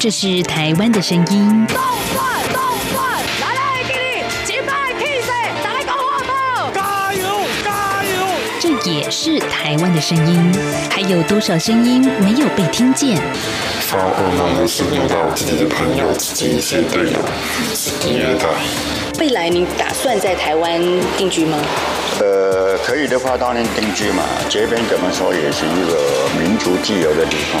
這是台灣的聲音。來來給你，擊敗加油加油！這也是台灣的聲音。還有多少聲音沒有被聽見？自己的朋友，未來你打算在台灣定居嗎？呃，可以的話當然定居嘛。這邊怎麼說也是一個民族自由的地方。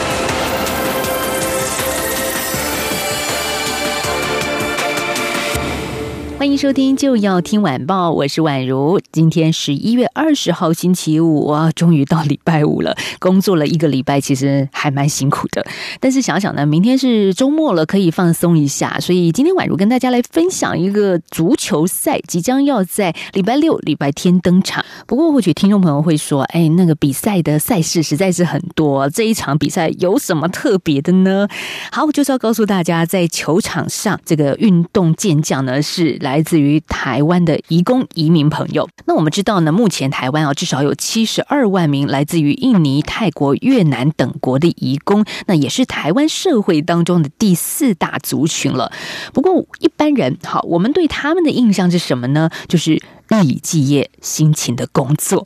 歡迎收聽就要聽晚報，我是宛如。今天十一月二十號，星期五啊，終於到禮拜五了。工作了一個禮拜，其實還蠻辛苦的。但是想想呢，明天是周末了，可以放鬆一下。所以今天宛如跟大家來分享一個足球賽，即將要在禮拜六、禮拜天登場。不過，或許聽眾朋友會說：“哎，那個比賽的賽事實在是很多，這一場比賽有什麼特別的呢？”好，我就是要告訴大家，在球場上，這個運動健將呢是來。來自於臺灣的移工移民朋友，那我們知道呢，目前臺灣啊至少有七十二萬名來自於印尼、泰國、越南等國的移工，那也是臺灣社會當中的第四大族群了。不過一般人哈，我們對他們的印象是什麼呢？就是日以繼夜辛勤的工作。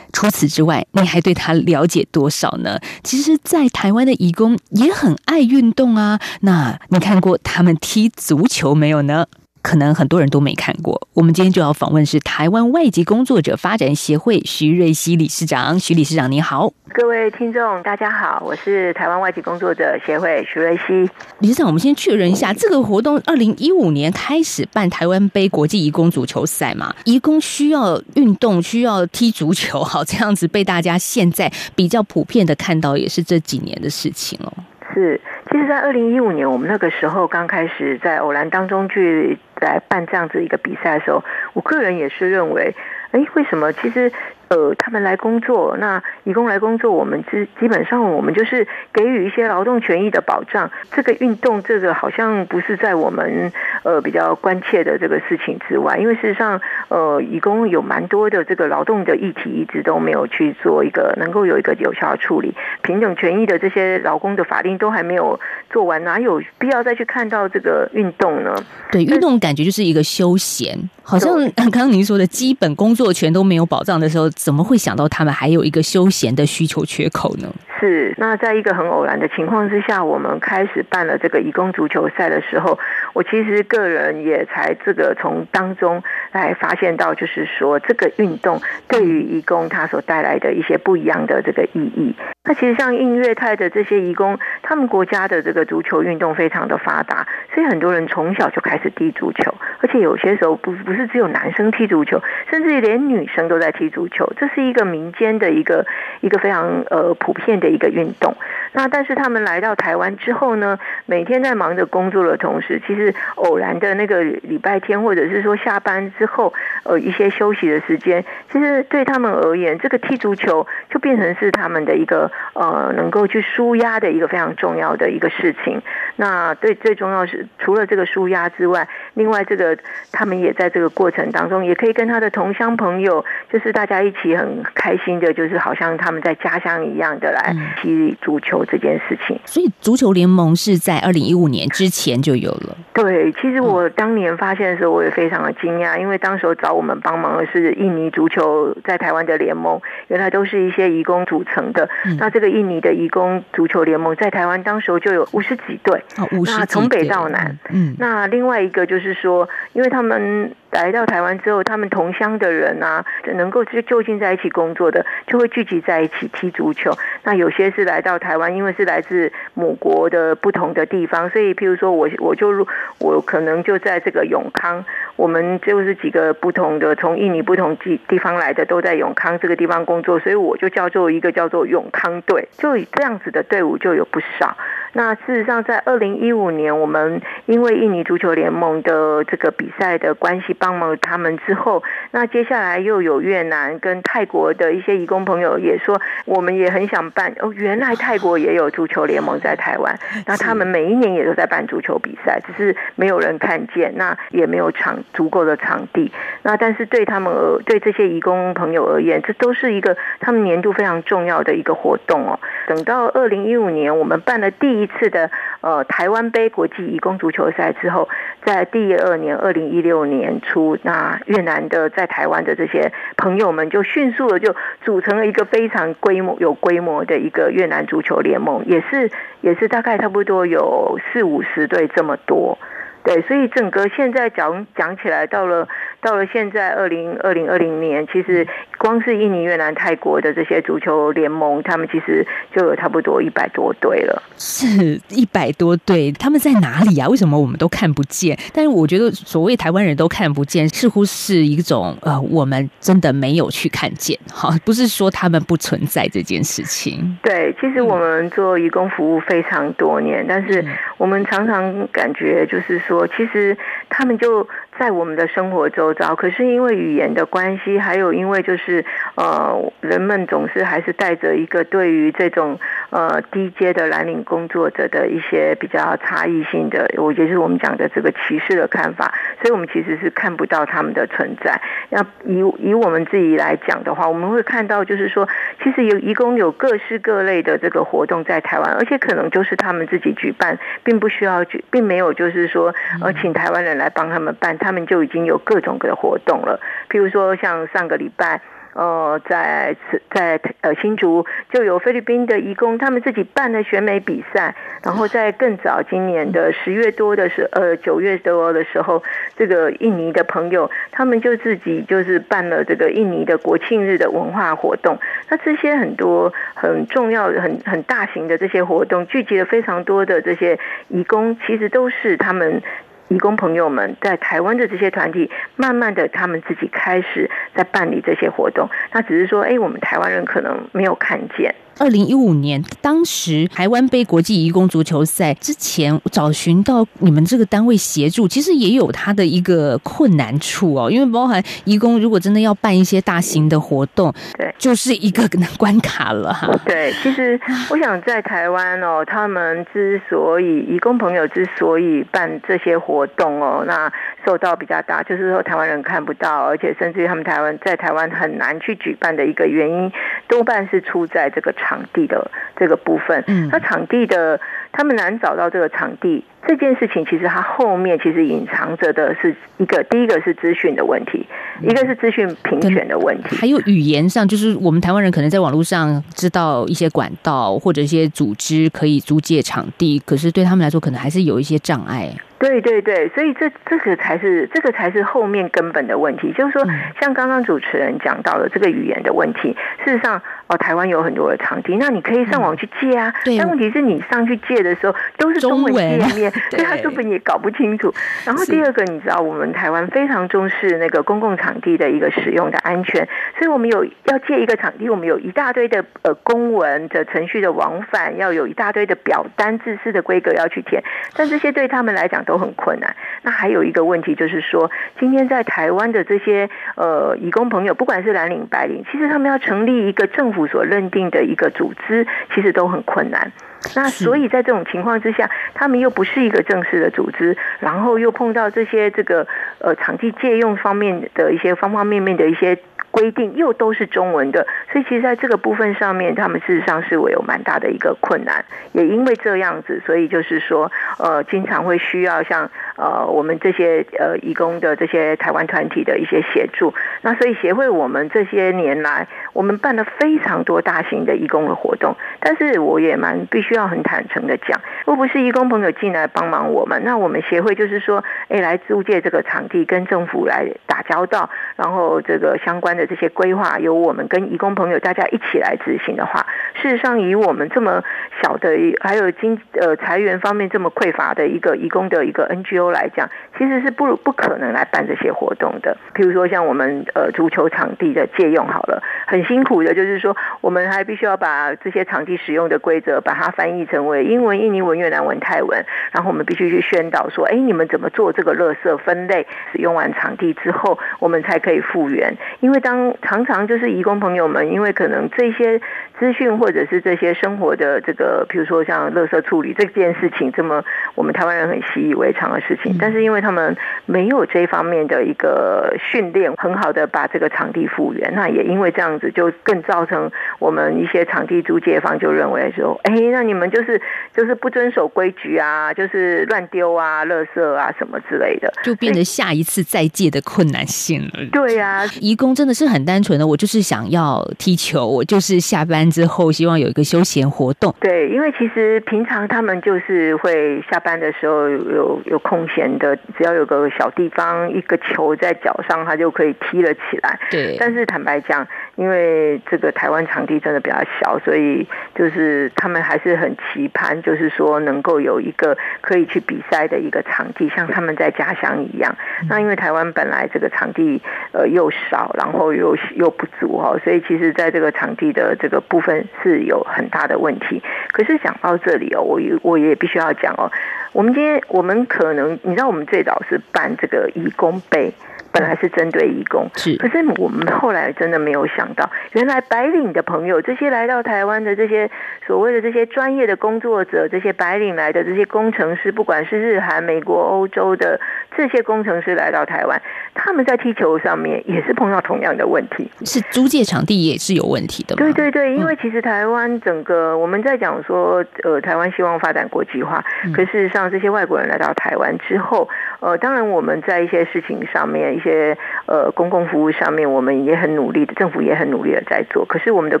除此之外，你還對他了解多少呢？其實，在臺灣的移工也很愛運動啊。那你看過他們踢足球沒有呢？可能很多人都沒看過。我們今天就要訪問是台灣外籍工作者發展協會徐瑞熙理事長。徐理事長您好，各位聽眾大家好，我是台灣外籍工作者協會徐瑞熙。理事長，我們先確認一下，這個活動二零一五年開始辦台灣盃國際移工足球賽嘛？移工需要運動，需要踢足球，好，這樣子被大家現在比較普遍的看到，也是這幾年的事情哦，是。其實，在二零一五年，我們那個時候剛開始在偶然當中去來辦這樣子一個比賽的時候，我個人也是認為，哎，為什麼其實？呃，他們來工作，那移工來工作，我們基基本上我們就是給予一些勞動權益的保障。這個運動，這個好像不是在我們呃比較關切的這個事情之外，因為事實上，呃，移工有蠻多的這個勞動的議題，一直都沒有去做一個能夠有一個有效的處理，平等權益的這些勞工的法令都還沒有做完，哪有必要再去看到這個運動呢？對，運動感覺就是一個休閒，是好像剛剛您說的基本工作權都沒有保障的時候。怎麼會想到他們還有一個休閒的需求缺口呢？是，那在一個很偶然的情況之下，我們開始辦了這個移工足球賽的時候。我其實個人也才這個從當中來發現到，就是說這個運動對於移工他所帶來的一些不一樣的這個意義。那其實像印越泰的這些移工，他們國家的這個足球運動非常的發達，所以很多人從小就開始踢足球，而且有些時候不不是只有男生踢足球，甚至連女生都在踢足球，這是一個民間的一個一個非常呃普遍的一個運動。那但是他們來到台灣之後呢，每天在忙着工作的同時，其實。偶然的那個禮拜天，或者是說下班之後，呃，一些休息的時間，其實對他們而言，這個踢足球就變成是他們的一個呃，能夠去舒壓的一個非常重要的一個事情。那對最重要是除了這個舒壓之外，另外這個他們也在這個過程當中，也可以跟他的同鄉朋友，就是大家一起很開心的，就是好像他們在家鄉一樣的來踢足球這件事情。嗯，所以，足球聯盟是在二零一五年之前就有了。對，其實我當年發現的時候，我也非常的驚訝，因為當時找我們幫忙的是印尼足球在台灣的聯盟，原來都是一些移工組成的。嗯、那這個印尼的移工足球聯盟在台灣，當時就有五十幾隊、哦、那從北到南。嗯嗯、那另外一個就是說，因為他們。來到台灣之後，他們同鄉的人啊，能夠就就近在一起工作的，就會聚集在一起踢足球。那有些是來到台灣，因為是來自母國的不同的地方，所以，譬如說我，我我就我可能就在這個永康，我們就是幾個不同的從印尼不同地地方來的，都在永康這個地方工作，所以我就叫做一個叫做永康隊，就這樣子的隊伍就有不少。那事實上，在二零一五年，我們因為印尼足球聯盟的這個比賽的關係，幫忙他們之後，那接下來又有越南跟泰國的一些移工朋友也說，我們也很想辦哦。原來泰國也有足球聯盟在台灣，那他們每一年也都在辦足球比賽，只是沒有人看見，那也沒有場足夠的場地。那但是對他們而對這些移工朋友而言，這都是一個他們年度非常重要的一個活動哦。等到二零一五年，我們辦了第一。一次的呃台灣盃國際移工足球賽之後，在第二年二零一六年初，那越南的，在台灣的這些朋友們就迅速的就組成了一個非常規模，有規模的一個越南足球聯盟，也是也是大概差不多有四五十隊這麼多，對，所以整個現在講講起來，到了到了現在二零二零二零年，其實。光是印尼、越南、泰國的這些足球聯盟，他們其實就有差不多一百多隊了，是一百多隊，他們在哪裡啊？為什麼我們都看不見？但是我覺得，所謂台灣人都看不見，似乎是一種呃，我們真的沒有去看見。好，不是說他們不存在這件事情。對，其實我們做移工服務非常多年，嗯、但是我們常常感覺就是說，其實他們就。在我們的生活周遭，可是因為語言的關係，還有因為就是呃，人們總是還是帶着一個對於這種呃低階的藍領工作者的一些比較差異性的，我覺得是我們講的這個歧視的看法，所以我們其實是看不到他們的存在。那以以我們自己來講的話，我們會看到就是說，其實有一共有各式各類的這個活動在台灣，而且可能就是他們自己舉辦，並不需要舉，並沒有就是說呃請台灣人來幫他們辦。他們就已經有各種各的活動了，譬如說像上個禮拜，呃，在在呃新竹就有菲律賓的移工，他們自己辦了選美比賽，然後在更早今年的十月多的時候，呃九月多的時候，這個印尼的朋友，他們就自己就是辦了這個印尼的國慶日的文化活動。那這些很多很重要的、很很大型的這些活動，聚集了非常多的這些移工，其實都是他們。移工朋友們在台灣的這些團體，慢慢的，他們自己開始在辦理這些活動。那只是說，哎，我們台灣人可能沒有看見。二零一五年，當時台灣杯國際移工足球賽之前，找尋到你們這個單位協助，其實也有它的一個困難處哦，因為包含移工如果真的要辦一些大型的活動，對，就是一個難關卡了哈、啊。對，其實我想在台灣哦，他們之所以移工朋友之所以辦這些活動哦，那受到比較大，就是說台灣人看不到，而且甚至於他們台灣在台灣很難去舉辦的一個原因，多半是出在這個。場地的這個部分，嗯，那場地的他們難找到這個場地這件事情，其實它後面其實隱藏着的是一個第一個是資訊的問題，嗯、一個是資訊平權的問題，還有語言上，就是我們台灣人可能在網絡上知道一些管道或者一些組織可以租借場地，可是對他們來說，可能還是有一些障礙。對對對，所以這這個才是這個才是後面根本的問題，就是說，嗯、像剛剛主持人講到的這個語言的問題，事實上。哦，台灣有很多的場地，那你可以上網去借啊。嗯、但問題是你上去借的時候，都是中文界面，對所以他說不定也搞不清楚。然後第二個，是你知道我們台灣非常重視那個公共場地的一個使用的安全，所以我們有要借一個場地，我們有一大堆的呃公文的程序的往返，要有一大堆的表單、制式的規格要去填。但這些對他們來講都很困難。那還有一個問題就是說，今天在台灣的這些呃移工朋友，不管是藍領、白領，其實他們要成立一個政府。所認定的一個組織，其實都很困難。那所以在這種情況之下，他們又不是一個正式的組織，然後又碰到這些這個，呃，場地借用方面的一些方方面面的一些，規定又都是中文的，所以其實在這個部分上面，他們事實上是我有蠻大的一個困難。也因為這樣子，所以就是說，呃，經常會需要像呃我們這些呃移工的這些台灣團體的一些協助。那所以協會我們這些年來，我們辦了非常多大型的移工的活動。但是我也蠻必須要很坦誠的講，如果不是移工朋友進來幫忙我們，那我們協會就是說，哎，來租借這個場地跟政府來打交道，然後這個相關的。這些規劃由我們跟移工朋友大家一起來執行的話，事實上以我們這麼小的，還有經呃財源方面這麼匱乏的一個移工的一個 NGO 來講，其實是不不可能來辦這些活動的。比如說像我們呃足球場地的借用，好了，很辛苦的，就是說我們還必須要把這些場地使用的規則，把它翻譯成為英文、印尼文、越南文、泰文，然後我們必須去宣導說，哎，你們怎麼做這個垃圾分類？使用完場地之後，我們才可以復原，因為當常常就是移工朋友們，因為可能這些資訊或者是這些生活的這個，比如說像垃圾處理這件事情，這麼我們台灣人很習以為常的事情，但是因為他們沒有這方面的一個訓練，很好的把這個場地復原，那也因為這樣子，就更造成我們一些場地租借方就認為說，哎，那你們就是就是不遵守規矩啊，就是亂丟啊，垃圾啊什麼之類的，就變得下一次再借的困難性了。對啊，移工真的。是很單純的，我就是想要踢球，我就是下班之後希望有一個休閒活動。對，因為其實平常他們就是會下班的時候有有空閒的，只要有個小地方，一個球在腳上，他就可以踢了起來。對，但是坦白講。因為這個台灣場地真的比較小，所以就是他們還是很期盼，就是說能夠有一個可以去比賽的一個場地，像他們在家鄉一樣。那因為台灣本來這個場地呃又少，然後又又不足哦，所以其實在這個場地的這個部分是有很大的問題。可是講到這裡哦，我也我也必須要講哦，我們今天我們可能你知道，我們最早是辦這個移工杯。本來是針對義工，是可是我們後來真的沒有想到，原來白領的朋友，這些來到台灣的這些所謂的這些專業的工作者，這些白領來的這些工程師，不管是日韓、美國、歐洲的這些工程師來到台灣，他們在踢球上面也是碰到同樣的問題，是租借場地也是有問題的。對對對，因為其實台灣整個、嗯、我們在講說，呃，台灣希望發展國際化，可事實上這些外國人來到台灣之後，呃，當然我們在一些事情上面。些呃，公共服務上面，我們也很努力的，政府也很努力的在做。可是我們的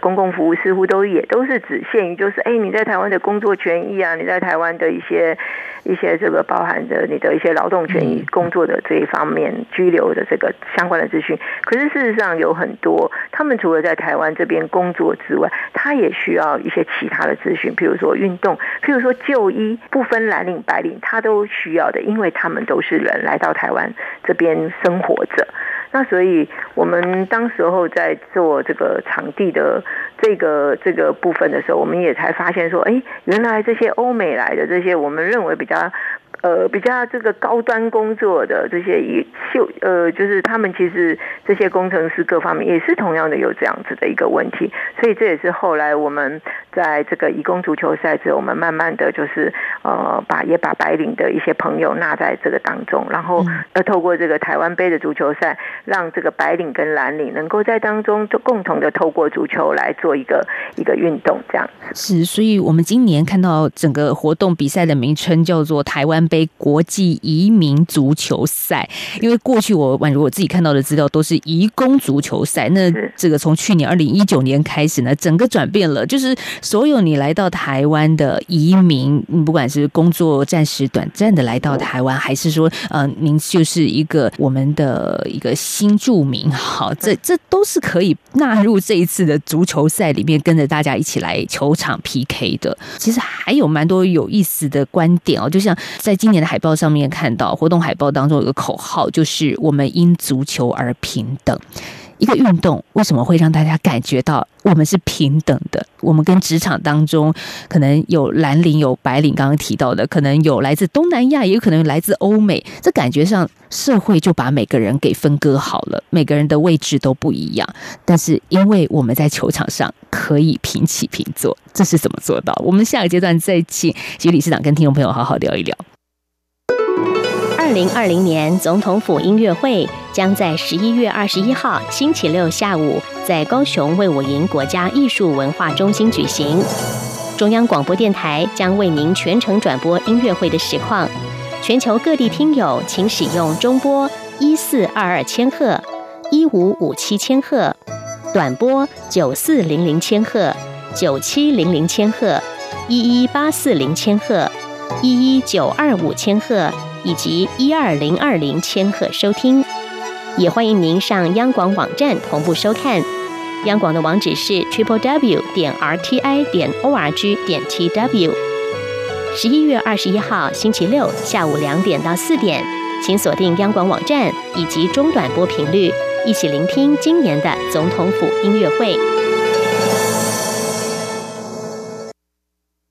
公共服務似乎都也都是只限於就是，哎，你在台灣的工作權益啊，你在台灣的一些一些這個包含着你的一些勞動權益工作的這一方面，居留的這個相關的資訊。嗯。可是事實上有很多，他們除了在台灣這邊工作之外，他也需要一些其他的資訊，譬如說運動，譬如說就醫，不分藍領白領，他都需要的，因為他們都是人來到台灣這邊生活。活着那所以我們當時候在做這個場地的這個這個部分的時候，我們也才發現說，哎，原來這些歐美來的這些，我們認為比較。呃，比較這個高端工作的這些也秀，呃，就是他們其實這些工程師各方面也是同樣的有這樣子的一個問題，所以這也是後來我們在這個移工足球賽之後，我們慢慢的就是呃把也把白領的一些朋友納在這個當中，然後呃透過這個台灣杯的足球賽，讓這個白領跟藍領能夠在當中就共同的透過足球來做一個一個運動這樣子。是，所以我們今年看到整個活動比賽的名稱叫做台灣杯。國際移民足球賽，因為過去我，宛如我自己看到的資料，都是移工足球賽。那這個從去年二零一九年開始呢，整個轉變了，就是所有你來到台灣的移民，不管是工作暫時短暫的來到台灣，還是說，嗯、呃、您就是一個我們的一個新住民，好，這這都是可以納入這一次的足球賽裡面，跟着大家一起來球場 PK 的。其實還有蠻多有意思的觀點哦，就像在。今年的海報上面看到活動海報當中有個口號，就是“我們因足球而平等”。一個運動為什麼會讓大家感覺到我們是平等的？我們跟職場當中可能有藍領、有白領，剛剛提到的，可能有來自東南亞，也有可能有來自歐美。這感覺上社會就把每個人給分割好了，每個人的位置都不一樣。但是因為我們在球場上可以平起平坐，這是怎麼做到？我們下個階段再請徐理事長跟聽眾朋友好好聊一聊。二零二零年總統府音樂會將在十一月二十一號星期六下午在高雄衛武營國家藝術文化中心舉行。中央廣播電台將為您全程轉播音樂會的實況。全球各地聽友，請使用中波一四二二千赫、一五五七千赫，短波九四零零千赫、九七零零千赫、一一八四零千赫、一一九二五千赫。以及一二零二零千赫收聽，也歡迎您上央廣網站同步收看。央廣的網址是 triple w 點 r t i 點 o r g 點 t w。十一月二十一號星期六下午兩點到四點，請鎖定央廣網站以及中短波頻率，一起聆聽今年的總統府音樂會。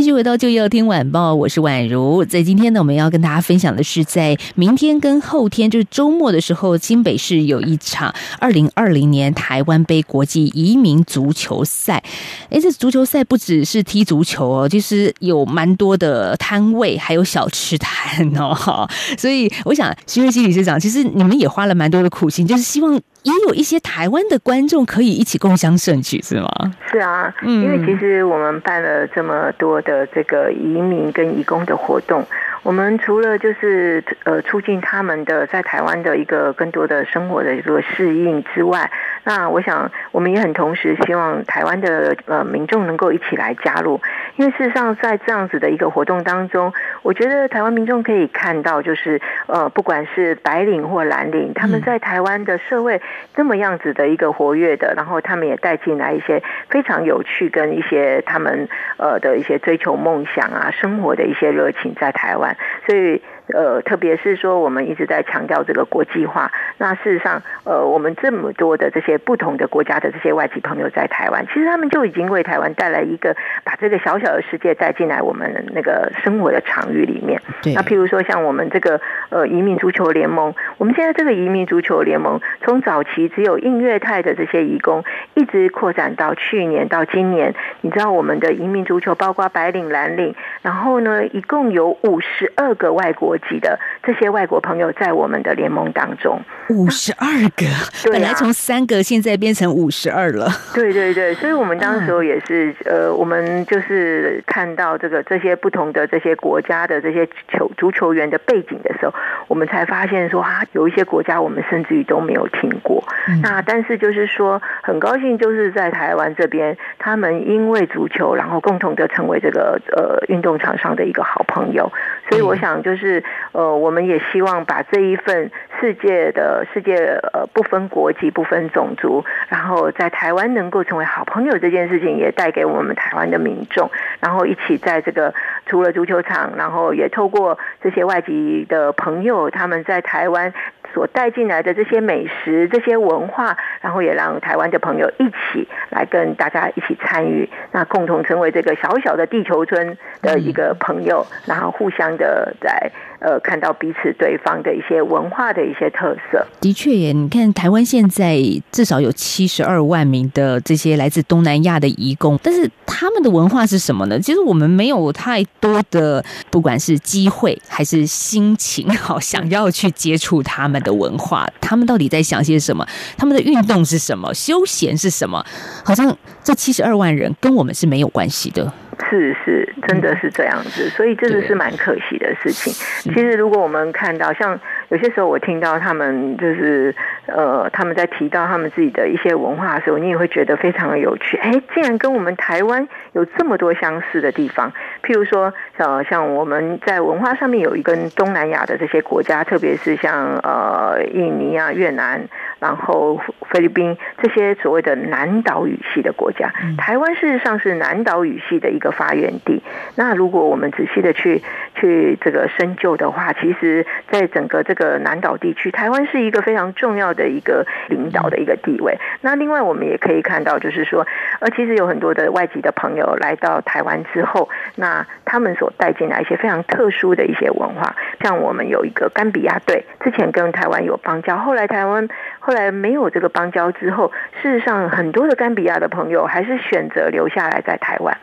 繼續回到《就要聽晚報》，我是宛如。在今天呢，我們要跟大家分享的是，在明天跟後天，就是周末的時候，新北市有一場二零二零年台灣盃國際移民足球賽。哎，這足球賽不只是踢足球哦，就是有蠻多的攤位，還有小吃攤哦，所以我想，徐瑞熙理事長，其實你們也花了蠻多的苦心，就是希望。也有一些台灣的觀眾可以一起共襄盛舉，是嗎？是啊，嗯，因為其實我們辦了這麼多的這個移民跟移工的活動。我們除了就是呃促進他們的在台灣的一個更多的生活的一個適應之外，那我想我們也很同時希望台灣的呃民眾能夠一起來加入，因為事實上在這樣子的一個活動當中，我覺得台灣民眾可以看到，就是呃不管是白領或藍領，他們在台灣的社會這麼樣子的一個活躍的，然後他們也帶進來一些非常有趣跟一些他們呃的一些追求夢想啊，生活的一些熱情在台灣。所以。Sí. 呃，特別是說我們一直在強調這個國際化，那事實上，呃，我們這麼多的這些不同的國家的這些外籍朋友在台灣，其實他們就已經為台灣帶來一個把這個小小的世界帶進來我們那個生活的場域裡面。那譬如說像我們這個呃移民足球聯盟，我們現在這個移民足球聯盟從早期只有印越泰的這些移工，一直擴展到去年到今年，你知道我們的移民足球包括白領藍領，然後呢，一共有五十二個外國。記得這些外國朋友在我們的聯盟當中，五十二個，本來從三個現在變成五十二了。對對對，所以我們當時也是呃，我們就是看到這個這些不同的這些國家的這些球足球員的背景的時候，我們才發現說啊，有一些國家我們甚至於都沒有聽過。那但是就是說，很高興就是在台灣這邊，他們因為足球，然後共同的成為這個呃運動場上的一個好朋友。所以我想，就是呃，我們也希望把這一份世界的世界呃，不分國籍、不分種族，然後在台灣能夠成為好朋友這件事情，也帶給我們台灣的民眾，然後一起在這個除了足球場，然後也透過這些外籍的朋友，他們在台灣。所帶進來的這些美食、這些文化，然後也讓台灣的朋友一起來跟大家一起參與，那共同成為這個小小的地球村的一個朋友，然後互相的在呃看到，彼此對方的一些文化的一些特色。的確耶，你看台灣現在至少有七十二萬名的這些來自東南亞的移工，但是他們的文化是什麼呢？其實我們沒有太多的，不管是機會還是心情，好想要去接觸他們。的文化，他們到底在想些什麼？他們的運動是什麼？休閒是什麼？好像這七十二萬人跟我們是沒有關係的。是是，真的是這樣子，所以這個是蠻可惜的事情。對其實如果我們看到像。有些時候我聽到他們就是，呃，他們在提到他們自己的一些文化的時候，你也會覺得非常的有趣。誒，竟然跟我們台灣有這麼多相似的地方，譬如說，呃，像我們在文化上面有一跟東南亞的這些國家，特別是像呃印尼啊、越南。然後菲律賓這些所謂的南島語系的國家，台灣事實上是南島語系的一個發源地。那如果我們仔細的去去這個深究的話，其實在整個這個南島地區，台灣是一個非常重要的一個領導的一個地位。那另外我們也可以看到，就是說，而其實有很多的外籍的朋友來到台灣之後，那他們所帶進來一些非常特殊的一些文化，像我們有一個甘比亞隊，之前跟台灣有邦交，後來台灣。後來沒有這個邦交之後，事實上很多的甘比亞的朋友還是選擇留下來在台灣。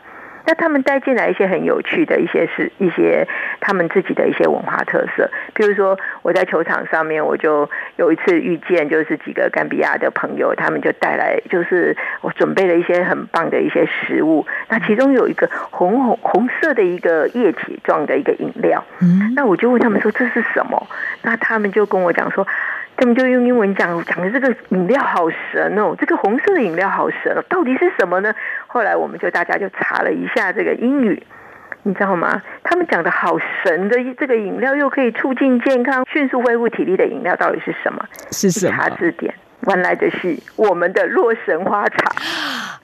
那他們帶進來一些很有趣的一些事，一些他們自己的一些文化特色。譬如說我在球場上面，我就有一次遇見，就是幾個甘比亞的朋友，他們就帶來，就是我準備了一些很棒的一些食物。那其中有一個紅紅紅色的一個液體狀的一個飲料。嗯。那我就問他們說，這是什麼？那他們就跟我講說。他們就用英文講，講的這個飲料好神哦、喔，這個紅色的飲料好神哦、喔，到底是什麼呢？後來我們就大家就查了一下這個英語，你知道嗎？他們講的好神的這個飲料，又可以促進健康、迅速恢復體力的飲料，到底是什麼？是什麼？查字典，原來的是我們的洛神花茶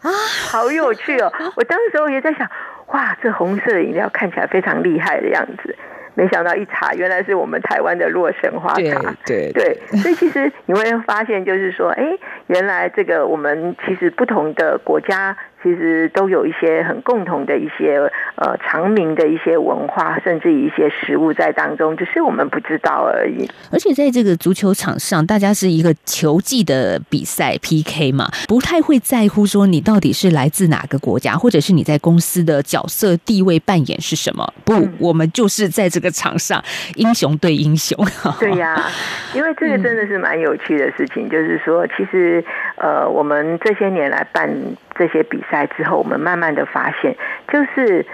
啊，好有趣哦、喔！我當時候也在想，哇，這紅色的飲料看起來非常厲害的樣子。沒想到一查，原來是我們台灣的洛神花茶。對對對，所以其實你會發現，就是說，哎，原來這個我們其實不同的國家。其實都有一些很共同的一些呃常民的一些文化，甚至一些食物在當中，只是我們不知道而已。而且在這個足球場上，大家是一個球技的比賽 PK 嘛，不太會在乎說你到底是來自哪個國家，或者是你在公司的角色地位扮演是什麼。不，嗯、我們就是在這個場上英雄對英雄。 對呀、啊，因為這個真的是蠻有趣的事情，嗯、就是說，其實呃，我們這些年來辦。這些比賽之後，我們慢慢的發現，就是。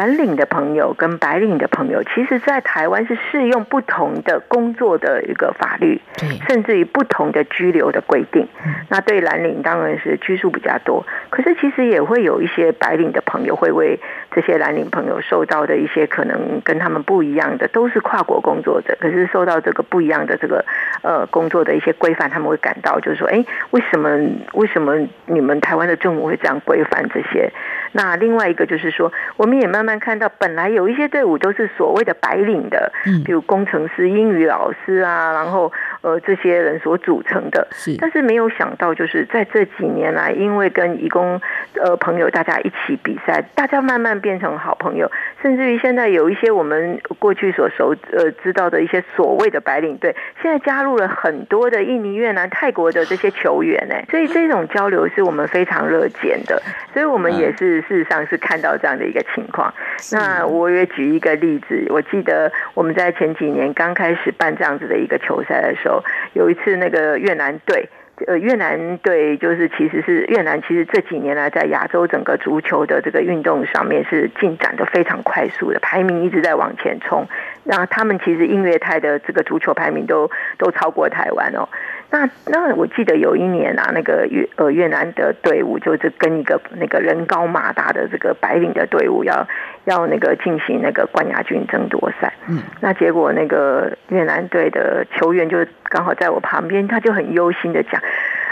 藍領的朋友跟白領的朋友，其實在台灣是適用不同的工作的一個法律，甚至於不同的居留的規定。那對藍領當然是拘束比較多，可是其實也會有一些白領的朋友會為這些藍領朋友受到的一些可能跟他們不一樣的，都是跨國工作者，可是受到這個不一樣的這個呃工作的一些規範，他們會感到就是說，哎，為什麼為什麼你們台灣的政府會這樣規範這些？那另外一個就是說，我們也慢慢看到，本來有一些隊伍都是所謂的白領的，嗯，比如工程師、英語老師啊，然後呃，這些人所組成的，是。但是沒有想到，就是在這幾年來，啊，因為跟移工呃朋友大家一起比賽，大家慢慢變成好朋友，甚至於現在有一些我們過去所熟呃知道的一些所謂的白領隊，現在加入了很多的印尼、越南、泰國的這些球員哎，所以這種交流是我們非常樂見的，所以我們也是。嗯事實上是看到這樣的一個情況，那我也舉一個例子。我記得我們在前幾年剛開始辦這樣子的一個球賽的時候，有一次那個越南隊，呃，越南隊就是其實是越南，其實這幾年來在亞洲整個足球的這個運動上面是進展得非常快速的，排名一直在往前衝。那他們其實印尼、泰的這個足球排名都都超過台灣哦。那那我記得有一年啊，那個越、呃、越南的隊伍就是跟一個那個人高馬大的這個白領的隊伍要要那個進行那個冠亞軍爭奪賽。嗯，那結果那個越南隊的球員就剛好在我旁邊，他就很憂心的講：“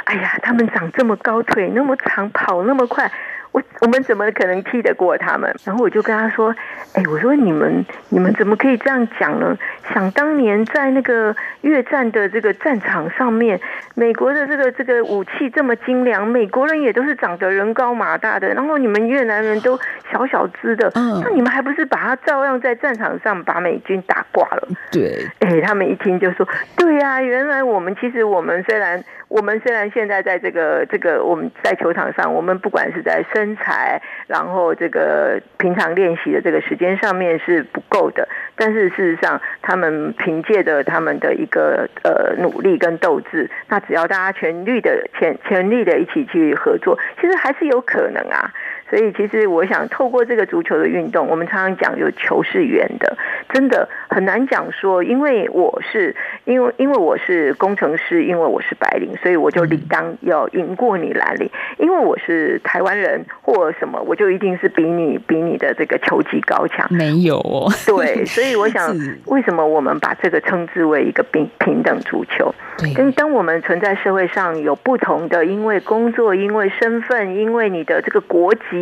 哎呀，他們長這麼高腿、腿那麼長，跑那麼快。”我我們怎麼可能踢得過他們？然後我就跟他說：“哎、欸，我說你們你們怎麼可以這樣講呢？想當年在那個越戰的這個戰場上面，美國的這個這個武器這麼精良，美國人也都是長得人高馬大的，然後你們越南人都小小只的，那你們還不是把他照樣在戰場上把美軍打掛了？對，哎、欸，他們一聽就說：對呀，啊，原來我們其實我們雖然我們雖然現在在這個這個我們在球場上，我們不管是在身材，然後這個平常練習的這個時間上面是不夠的，但是事實上，他們憑借着他們的一個呃努力跟鬥志，那只要大家全力的全全力的一起去合作，其實還是有可能啊。所以其實我想透過這個足球的運動，我們常常講有球是圓的，真的很難講說，因為我是因為因為我是工程師，因為我是白領，所以我就理當要贏過你藍領，因為我是台灣人或什麼，我就一定是比你比你的這個球技高強。沒有哦，對，所以我想 是為什麼我們把這個稱之為一個平平等足球？對，跟當我們存在社會上有不同的，因為工作，因為身份，因為你的這個國籍。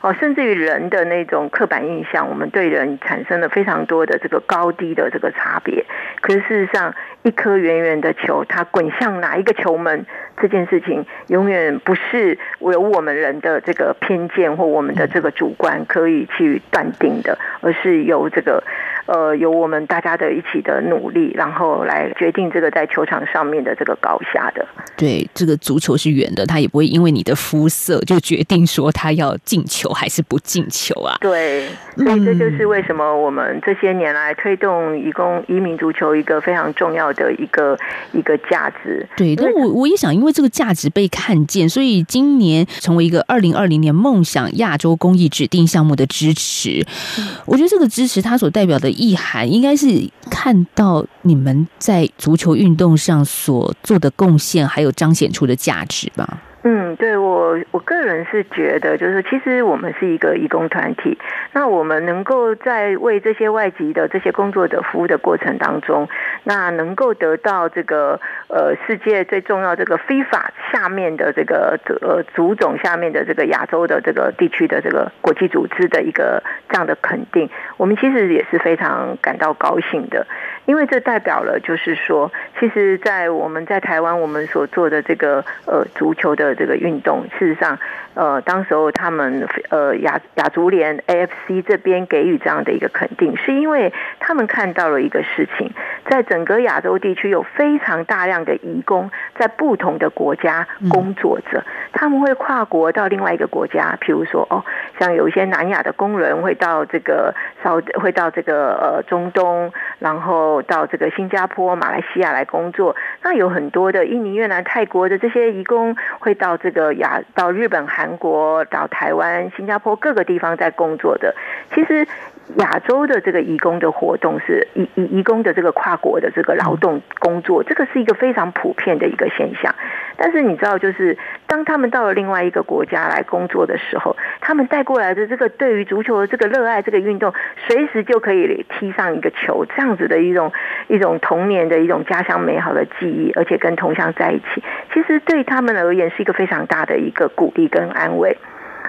哦，甚至於人的那種刻板印象，我們對人產生了非常多的這個高低的這個差別。可是事實上，一顆圓圓的球，它滾向哪一個球門，這件事情永遠不是由我們人的這個偏見或我們的這個主觀可以去斷定的，而是由這個。呃，由我們大家的一起的努力，然後來決定這個在球場上面的這個高下的。對，這個足球是圓的，他也不會因為你的膚色就決定說他要進球還是不進球啊。對，所以這就是為什麼我們這些年來推動移工移民足球一個非常重要的一個一個價值。對，那我我也想因為這個價值被看見，所以今年成為一個二零二零年夢想亞洲公益指定項目的支持。嗯，我覺得這個支持它所代表的。意涵應該是看到你們在足球運動上所做的貢獻，還有彰顯出的價值吧。嗯，對我我個人是覺得，就是其實我們是一個義工團體，那我們能夠在為這些外籍的這些工作者服務的過程當中，那能夠得到這個呃世界最重要這個 FIFA 下面的這個呃組織下面的這個亞洲的這個地區的這個國際組織的一個這樣的肯定，我們其實也是非常感到高興的。因為這代表了，就是說，其實，在我們在台灣，我們所做的這個呃足球的這個運動，事實上，呃，當時候他們呃亞亞足聯 AFC 這邊給予這樣的一個肯定，是因為他們看到了一個事情，在整個亞洲地區有非常大量的移工在不同的國家工作着，他們會跨國到另外一個國家，譬如說，哦，像有一些南亞的工人會到這個稍會到這個呃中東，然後。到這個新加坡、馬來西亞來工作，那有很多的印尼、越南、泰國的這些移工會到這個亞、到日本、韓國、到台灣、新加坡各個地方在工作的，其實。亞洲的這個移工的活動是移移移工的這個跨國的這個勞動工作，這個是一個非常普遍的一個現象。但是你知道，就是當他們到了另外一個國家來工作的時候，他們帶過來的這個對於足球的這個熱愛，這個運動，隨時就可以踢上一個球，這樣子的一種一種童年的一種家鄉美好的記憶，而且跟同鄉在一起，其實對他們而言是一個非常大的一個鼓勵跟安慰。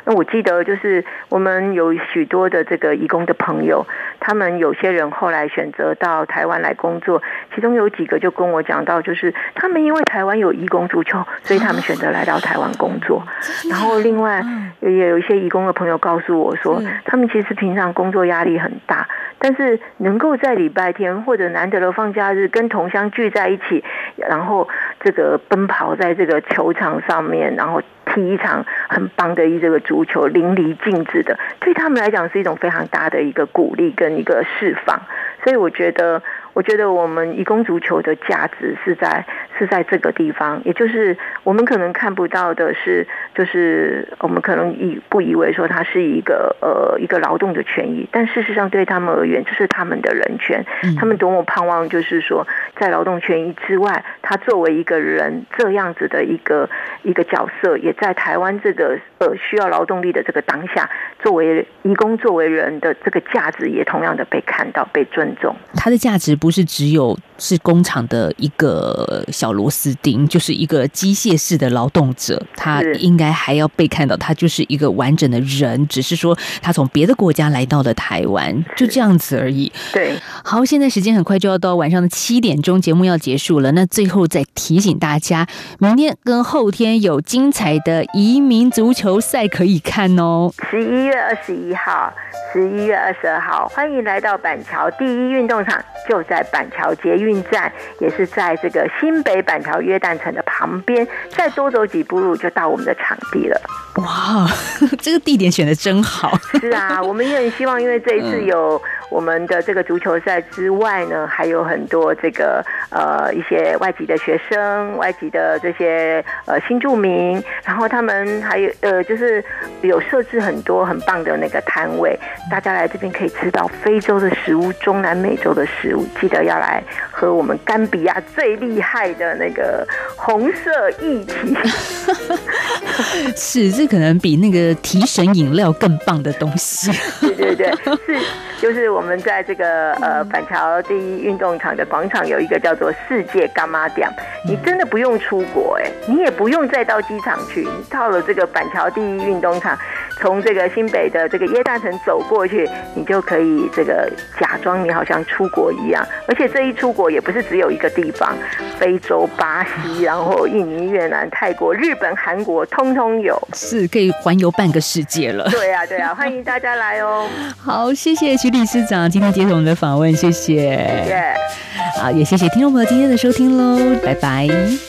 那我記得，就是我們有許多的這個移工的朋友，他們有些人後來選擇到台灣來工作，其中有幾個就跟我講到，就是他們因為台灣有移工足球，所以他們選擇來到台灣工作。然後另外也有一些移工的朋友告訴我說，他們其實平常工作壓力很大，但是能夠在禮拜天或者難得的放假日跟同鄉聚在一起，然後。這個奔跑在這個球場上面，然後踢一場很棒的一這個足球，淋漓盡致的，對他們來講是一種非常大的一個鼓勵跟一個釋放，所以我覺得。我覺得我們移工足球的價值是在是在這個地方，也就是我們可能看不到的是，就是我們可能以不以為說他是一個呃、一個勞動的權益，但事實上對他們而言，這、就是他們的人權。他們多麼盼望，就是說，在勞動權益之外，他作為一個人這樣子的一個一個角色，也在台灣這個。呃，需要勞動力的這個當下，作為移工，作為人的這個價值，也同樣的被看到、被尊重。他的價值不是只有是工廠的一個小螺絲釘，就是一個機械式的勞動者，他應該還要被看到，他就是一個完整的人。是。只是說他從別的國家來到了台灣，就這樣子而已。對。好，現在時間很快就要到晚上的七點鐘，節目要結束了。那最後再提醒大家，明天跟後天有精彩的移民足球。球賽可以看哦！十一月二十一號、十一月二十二號，歡迎來到板橋第一運動場，就在板橋捷運站，也是在這個新北板橋約旦城的旁邊，再多走幾步路就到我們的場地了。哇，這個地點選得真好！是啊，我們也很希望，因為這一次有我們的這個足球賽之外呢，還有很多這個呃一些外籍的學生、外籍的這些呃新住民，然後他們還有呃。就是有設置很多很棒的那個攤位，大家來這邊可以吃到非洲的食物、中南美洲的食物。記得要來和我們甘比亞最厲害的那個紅色液體， 是這可能比那個提神飲料更棒的東西。 對對對，是就是我們在這個呃板橋第一運動場的廣場有一個叫做世界乾媽店，你真的不用出國哎、欸，你也不用再到機場去，你到了這個板橋。第一運動場，從這個新北的這個耶誕城走過去，你就可以這個假裝你好像出國一樣，而且這一出國也不是只有一個地方，非洲、巴西，然後印尼、越南、泰國、日本、韓國，通通有。是，可以環遊半個世界了。對啊，對啊，歡迎大家來哦、喔。 好，謝謝徐理事長今天接受我們的訪問，謝謝。Yeah. 好，也謝謝聽眾朋友今天的收聽嘍，拜拜。